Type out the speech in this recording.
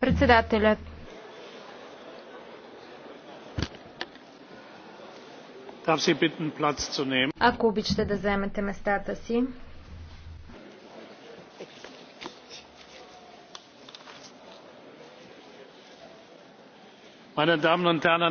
Председателят. Ако обичате да вземете местата си. Meine Damen und